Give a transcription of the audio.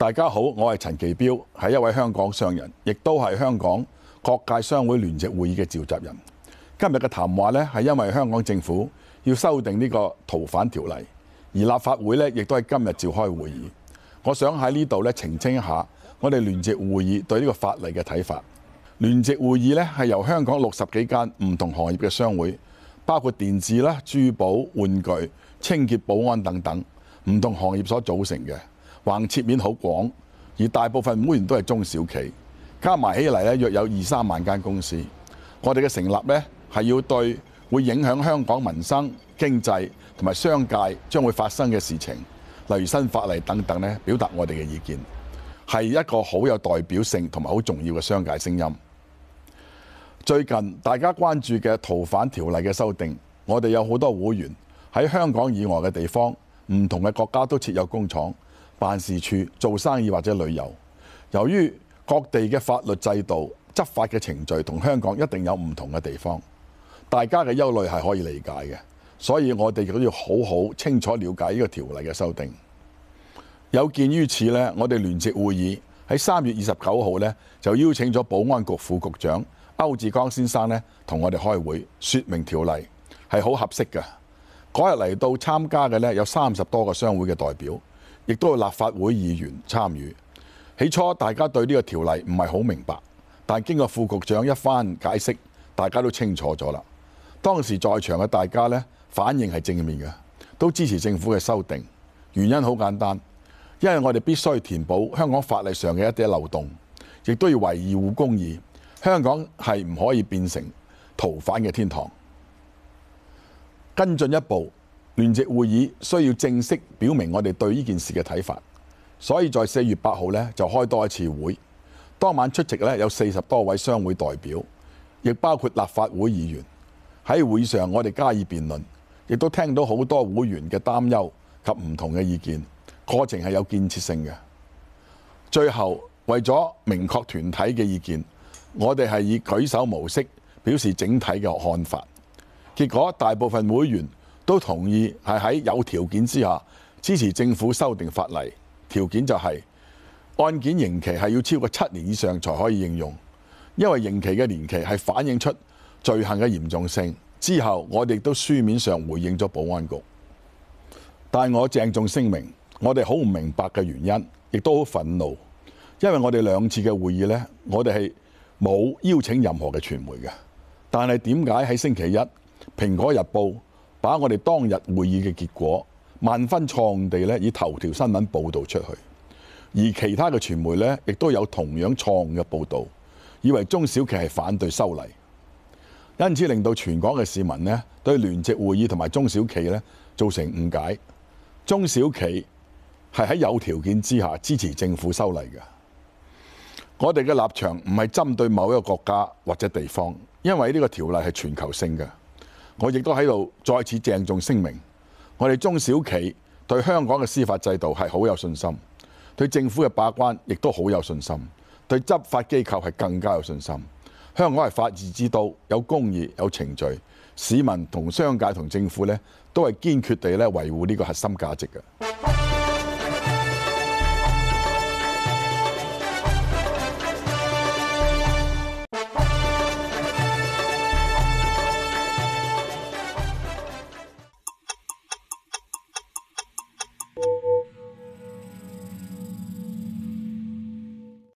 大家好，我係陳其鑣，係一位香港商人，亦都係香港各界商會聯席會議嘅召集人。今日嘅談話咧，係因為香港政府要修訂呢個逃犯條例，而立法會咧亦都係今日召開會議。我想喺呢度咧澄清一下，我哋聯席會議對呢個法例嘅睇法。聯席會議咧係由香港六十幾間唔同行業嘅商會，包括電子啦、珠寶、玩具、清潔、保安等等唔同行業所組成嘅。橫切面好廣，而大部分會員都係中小企，加埋起嚟咧約有二三萬間公司。我哋嘅成立咧係要對會影響香港民生、經濟同埋商界將會發生嘅事情，例如新法例等等咧，表達我哋嘅意見，係一個好有代表性同埋好重要嘅商界聲音。最近大家關注嘅逃犯條例嘅修訂，我哋有好多會員喺香港以外嘅地方，唔同嘅國家都設有工廠、辦事處做生意或者旅遊，由於各地嘅法律制度、執法嘅程序同香港一定有唔同嘅地方，大家嘅憂慮係可以理解嘅。所以，我哋亦都要好好清楚了解呢個條例嘅修訂。有見於此呢，我哋聯席會議喺三月二十九號呢就邀請咗保安局副局長歐志剛先生呢同我哋開會說明條例係好合適嘅。嗰日嚟到參加嘅呢，有三十多個商會嘅代表。亦都有立法會議員參與。起初大家對呢個條例唔係好明白，但係經過副局長一番解釋，大家都清楚咗啦。當時在場嘅大家呢反應係正面嘅，都支持政府嘅修訂。原因好簡單，因為我哋必須填補香港法例上嘅一啲漏洞，亦都要維護公義。香港係唔可以變成逃犯嘅天堂。跟進一步。聯席會議需要正式表明我哋對呢件事嘅睇法，所以在四月八號呢就開多一次會。當晚出席呢有四十多位商會代表，亦包括立法會議員。喺會上我哋加以辯論，亦都聽到好多會員嘅擔憂及唔同嘅意見。過程係有建設性嘅。最後為咗明確團體嘅意見，我哋係以舉手模式表示整體嘅看法。結果大部分會員。都同意係喺有條件之下支持政府修訂法例。條件就係案件刑期係要超過七年以上才可以應用，因為刑期嘅年期係反映出罪行嘅嚴重性。之後，我哋都書面上回應咗保安局，但我鄭重聲明，我哋好唔明白嘅原因，亦都好憤怒，因為我哋兩次嘅會議咧，我哋係冇邀請任何嘅傳媒嘅。但係點解喺星期一《蘋果日報》？把我哋當日會議嘅結果萬分錯誤地咧，以頭條新聞報導出去，而其他嘅傳媒咧，亦都有同樣錯誤嘅報導，以為中小企係反對修例，因此令到全港嘅市民呢對聯席會議同埋中小企咧造成誤解。中小企係喺有條件之下支持政府修例嘅。我哋嘅立場唔係針對某一個國家或者地方，因為呢個條例係全球性嘅。我亦都喺度再次鄭重聲明，我哋中小企對香港嘅司法制度係好有信心，對政府嘅把關亦都好有信心，對執法機構係更加有信心。香港係法治之都，有公義、有程序，市民同商界同政府咧都係堅決地咧維護呢個核心價值嘅。